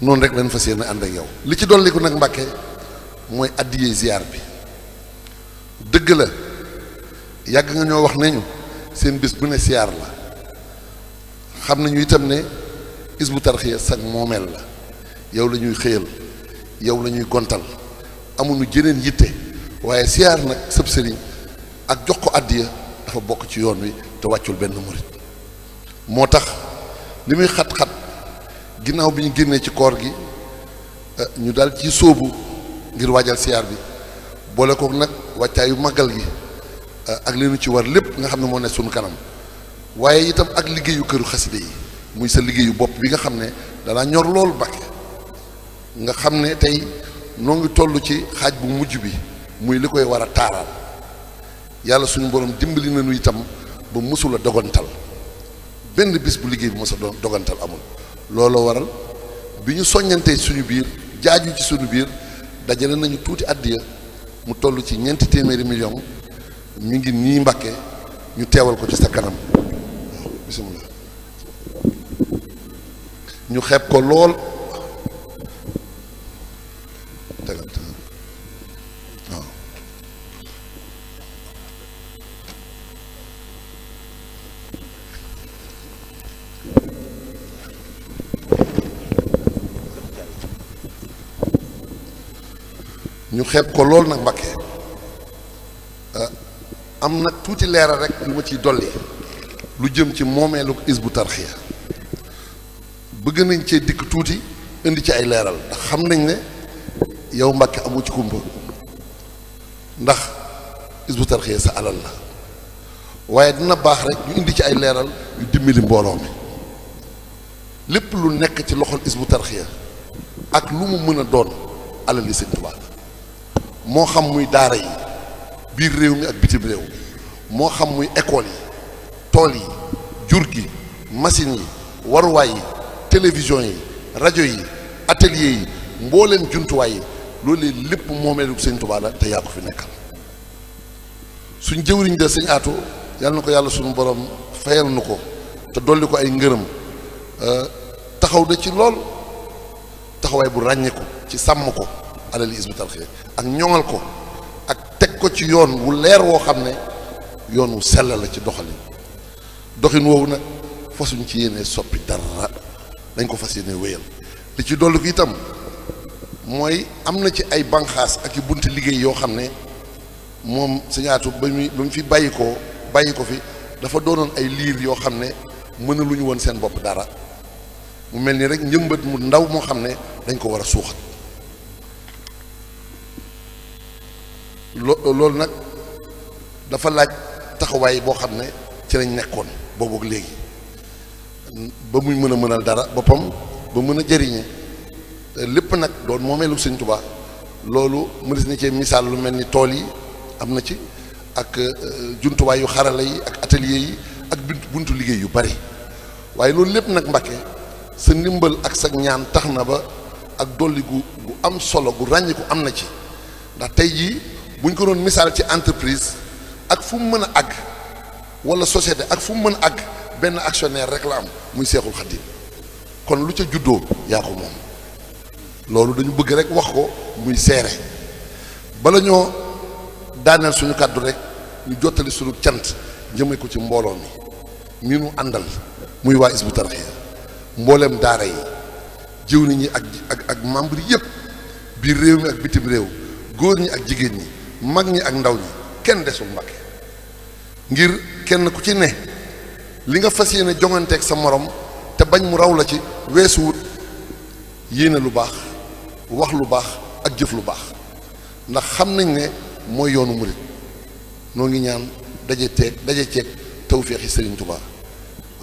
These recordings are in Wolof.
noonu rek lañ fas yéene ànd ak yow li ci dolliku nag Mbàkke mooy addiyee ziar bi dëgg la yàgg nga ñoo wax nañu seen bis bu ne ziar la xam nañu itam ne Hizbut Tarqiyyah sag moomeel la yow la ñuy xëyal yow la ñuy gontal amuñu jëneen yitte waaye ziar nag sëb sëriñ ak jox ko addiya dafa bokk ci yoon wi te wàccul benn murit moo tax li muy xat-xat ginnaaw bi ñu génnee ci koor gi eh, ñu daal ci sóobu ngir waajal siyaar bi boole kook nag yu magal gi eh, ak li ñu ci war lépp nga xam ne moo ne suñu kanam waaye itam ak liggéeyu këru xaside yi muy sa liggéeyu bopp bi nga xam ne danaa ñor lool Mbàkke nga xam ne tey noo ngi toll ci xaaj bu mujj bi muy li koy war a taaraal yàlla suñu borom dimbali nañu itam ba mësula dogantal benn bis bu liggéey bi mësa doon dogantal amul looloo waral bi ñu soññantee suñu biir jaaju ci suñu biir dajale nañu tuuti àddiya mu toll ci ñeenti téeméeri million mu ngi nii mbakke ñu teewal ko ci sa kanam bisimilah ñu xeeb ko lool ñu xeeb ko lool nag Mbàkke ah, am nag tuuti leeral rek lu ma ciy dolli lu jëm ci is bu Tarqiyyah bëgg nañ cee dikk tuuti indi ci ay leeral ndax xam nañ ne yow Mbàkke amu ci kumpa ndax bu Tarqiyyah sa alal la waaye dina baax rek ñu indi ci ay leeral yu dimbali mbooloo mi lépp lu nekk ci loxol Hizbut Tarqiyyah ak lu mu mën a doon alal yi Sëñ Tuubaa moo xam muy daara yi biir réew mi ak bitim réew moo xam muy école yi tool yi jur gi machine yi waruwaay yi télévision yi rajo yi atelier yi mbooleen jumtuwaay yi loolu lépp moomeelu sëñ Tuubaa te yaa ko fi nekkal suñ jëwriñ de sëñ aatu yàlla na ko yàlla suñu borom fayal nu ko te dolli ko ay ngërëm euh, taxaw na ci lool taxawaay bu ràññee ko ci sàmm ko alali Hizbut Tarqiyyah ak ñoŋal ko ak teg ko ci yoon wu leer woo xam ne yoon wu sell la ci doxalin doxin woowu nag fasuñ ci yéene soppi dara dañ ko fas yéene wéyal li ci dolli ko itam mooy am na ci ay banqaas ak i bunti liggéey yoo xam ne moom sañaatu ba muy ba mu fi bàyyi ko bàyyi ko fi dafa doonoon ay liir yoo xam ne mëna lu ñu woon seen bopp dara mu mel ni rek njëmbat mu ndaw moo xam ne dañ ko war a suuxat lo loolu nag dafa laaj taxawaay boo xam ne ci lañ nekkoon boobu ak léegi ba muy mën a mënal dara boppam ba mën a jëriñe lépp nag doon moomeelu Sëñ Tuubaa loolu mënees na cee misaal lu mel ni tool yi am na ci ak euh, jumtuwaay yu xarala yi ak atelier yi ak buntu liggéey yu bari waaye loolu lépp nag Mbàkke sa ndimbal ak sa ñaan tax na ba ak dolli gu am solo gu ràññiku am na ci ndax tey jii bu ñu ko doon misaal ci entreprise ak fu mu mën a àgg wala société ak fu mu mën a àgg benn actionnaire rek la am muy Seexul Xadiim kon lu ca juddoo yaa ko moom loolu dañu bëgg rek wax ko muy seere bala ñoo daaneel suñu kàddu rek ñu jottali suñu cant jëmmee ko ci mbooloo mi mi nu àndal muy waa Hizbut Tarqiyyah mbooleem daara yi jiw nit ñi ak ak ak membre yëpp biir réew mi ak bitim réew góor ñi ak jigéen ñi mag ñi ak ndaw ñi kenn desul Mbàkke ngir kenn ku ci ne li nga fas yéene jonganteeg sa morom te bañ mu raw la ci weesu yéene lu baax wax lu baax ak jëf lu baax ndax xam nañ ne mooy yoonu murit noo ngi ñaan daje teeg daje ceeg tawféexi Sëriñ Tuubaa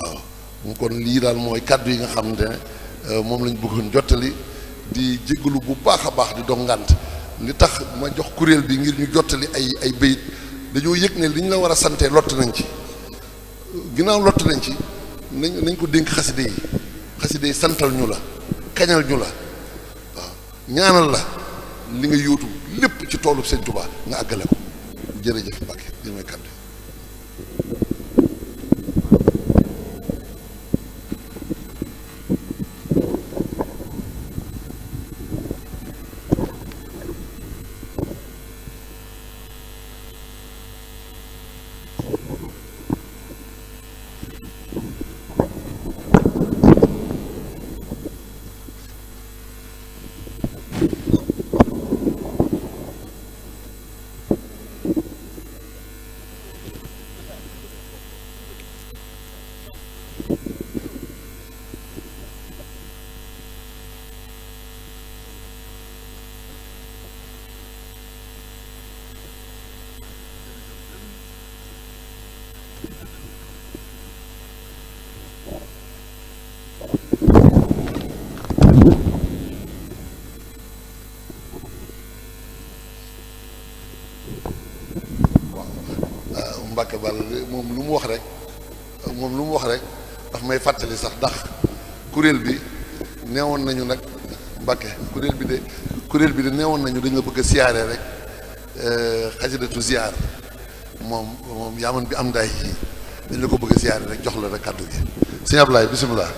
waaw mu kon lii daal mooy kàddu yi nga xam ne euh, moom lañ bëggoon jottali di jéggalu bu baax a baax di dongante li tax ma jox kuréel bi ngir ñu jottali ay ay bayit dañoo yëg ne li ñu la war a sante lott nañ ci ginnaaw lott nañ ci nañ nañ ko dénk xaside yi xaside yi santal ñu la kañal ñu la waaw ñaanal la li nga yóotu lépp ci toolu Sëñ Tuubaa nga àggale ko jërëjëf Mbàkke li may kàddu waaw Mbàkke Bal moom lu mu wax rek moom lu mu wax rek daf may fàttali sax ndax kuréel bi neewoon nañu nag Mbàkke kuréel bi de kuréel bi de neewoon nañu dañu la bëgg a siyaare rek xasidatu euh, ziar moom moom yaaman bi am ndaay yi dañ la ko bëgg a siyaare rek jox la rek kàddu gi sëñ Ablaye bisimilah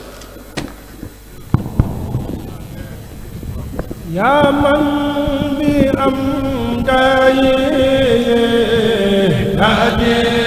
yaa man bi am ndaay hadi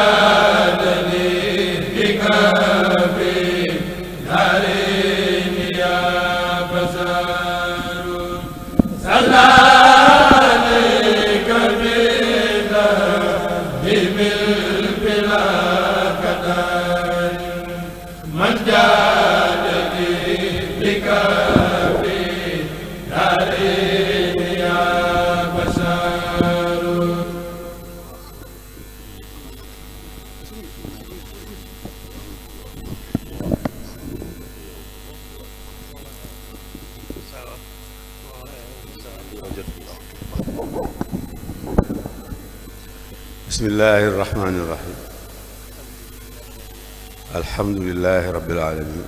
yaa bismillahi irrahmani irrahim alhamdulilahi rabilalamin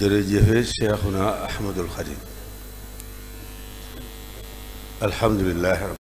jërëjëfe cheikhuna ahmadul xadim alhamdulilahi